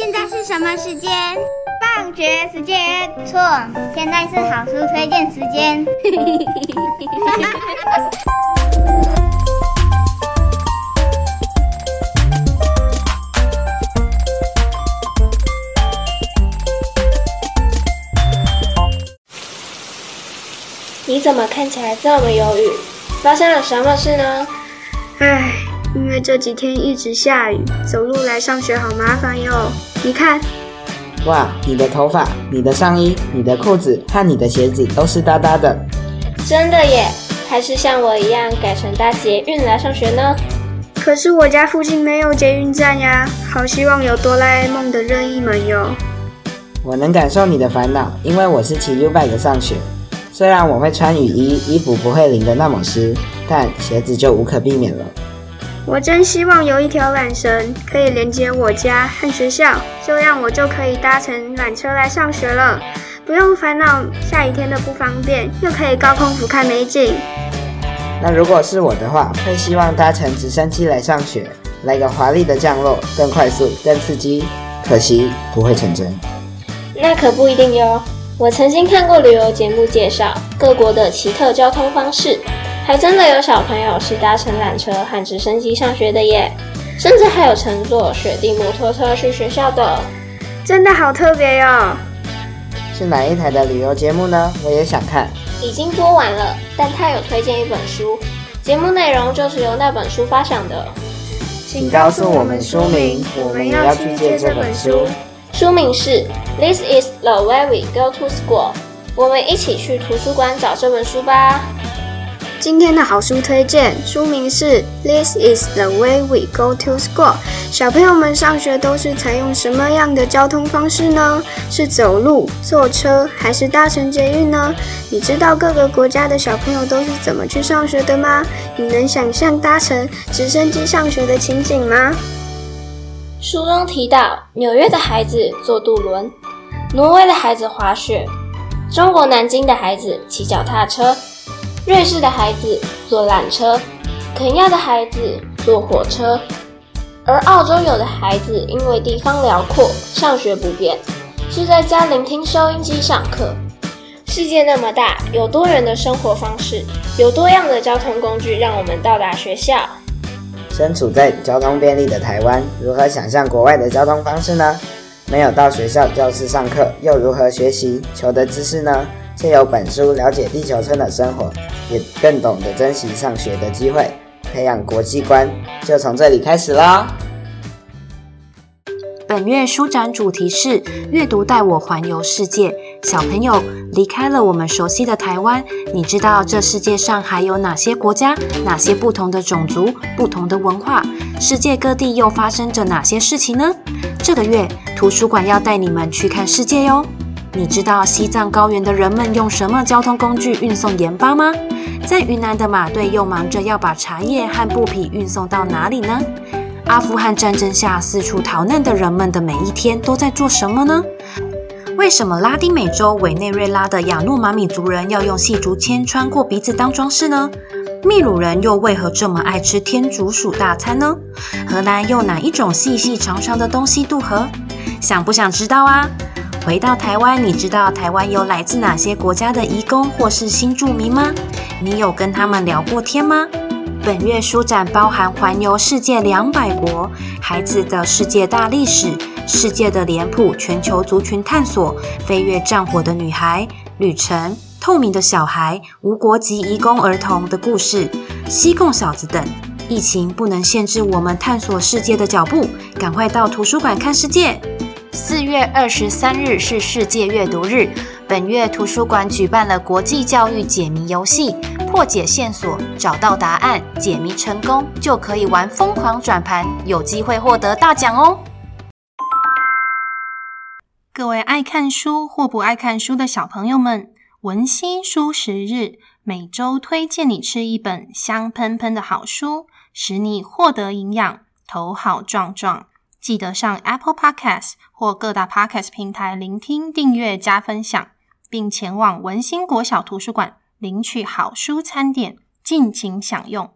現在是什麼時間？放學時間。錯，現在是好書推薦時間。 你怎麼看起來這麼憂鬱？發生了什麼事呢？唉。這幾天一直下雨，走路來上學好麻煩喲。你看，哇，你的頭髮、你的上衣、你的褲子和你的鞋子都濕噠噠的，真的耶！還是像我一樣改成搭捷運來上學呢？可是我家附近沒有捷運站呀，好希望有哆啦 A 夢的任意門喲。我能感受你的煩惱，因為我是騎 YouBike 上學，雖然我會穿雨衣，衣服不會淋得那麼濕，但鞋子就無可避免了。我真希望有一條纜繩可以連接我家和學校，這樣我就可以搭乘纜車來上學了，不用煩惱下雨天的不方便，又可以高空俯瞰美景。那如果是我的話，會希望搭乘直升機來上學，來個華麗的降落，更快速，更刺激。可惜不會成真。那可不一定喲，我曾經看過旅遊節目介紹各國的奇特交通方式。還真的有小朋友是搭乘纜車和直升機上學的耶，甚至還有乘坐雪地摩托車去學校的，真的好特別喲！是哪一台的旅遊節目呢？我也想看。已經播完了，但他有推薦一本書，節目內容就是由那本書發想的。請告訴我們書名，我們要去借這本書。書名是《This Is the Way We Go to School》，我們一起去圖書館找這本書吧。今天的好書推薦，書名是《This Is the Way We Go to School》。小朋友們上學都是採用什麼樣的交通方式呢？是走路、坐車，還是搭乘捷運呢？你知道各個國家的小朋友都是怎麼去上學的嗎？你能想象搭乘直升機上學的情景嗎？書中提到，紐約的孩子坐渡輪，挪威的孩子滑雪，中國南京的孩子騎腳踏車。瑞士的孩子坐纜車，肯亞的孩子坐火車，而澳洲有的孩子因為地方遼闊，上學不便，是在家聆聽收音機上課。世界那麼大，有多元的生活方式，有多樣的交通工具，讓我們到達學校。身處在交通便利的台灣，如何想象國外的交通方式呢？沒有到學校教室上課，又如何學習、求得知識呢？借由本書了解地球村的生活，也更懂得珍惜上學的機會，培養國際觀，就從這裡開始啦！本月書展主題是“閱讀帶我環遊世界”。小朋友離開了我們熟悉的台灣，你知道這世界上還有哪些國家、哪些不同的種族、不同的文化？世界各地又發生着哪些事情呢？這個月圖書館要帶你們去看世界喲、哦！你知道西藏高原的人們用什麼交通工具運送鹽巴嗎？在雲南的馬隊又忙着要把茶葉和布匹運送到哪裡呢？阿富汗戰爭下四處逃難的人們的每一天都在做什麼呢？為什麼拉丁美洲委內瑞拉的亞諾馬米族人要用細竹籤穿過鼻子當裝飾呢？秘魯人又為何這麼愛吃天竺鼠大餐呢？荷蘭又用哪一種細細長長的東西渡河？想不想知道啊？回到台灣，你知道台灣有來自哪些國家的移工或是新住民嗎？你有跟他們聊過天嗎？本月書展包含環遊世界兩百國、孩子的世界大歷史、世界的臉譜、全球族群探索、飛越戰火的女孩旅程、透明的小孩、無國籍移工兒童的故事、西貢小子等。疫情不能限制我們探索世界的腳步，趕快到圖書館看世界。四月二十三日是世界閱讀日。本月圖書館舉辦了國際教育解謎遊戲，破解線索，找到答案，解謎成功就可以玩瘋狂轉盤，有機會獲得大獎哦！各位愛看書或不愛看書的小朋友們，文欣書食日每周推薦你吃一本香噴噴的好書，使你獲得營養，頭好壯壯。記得上 Apple Podcast 或各大 Podcast 平台聆聽、訂閱加分享，並前往文欣國小圖書館領取好書餐點，盡情享用。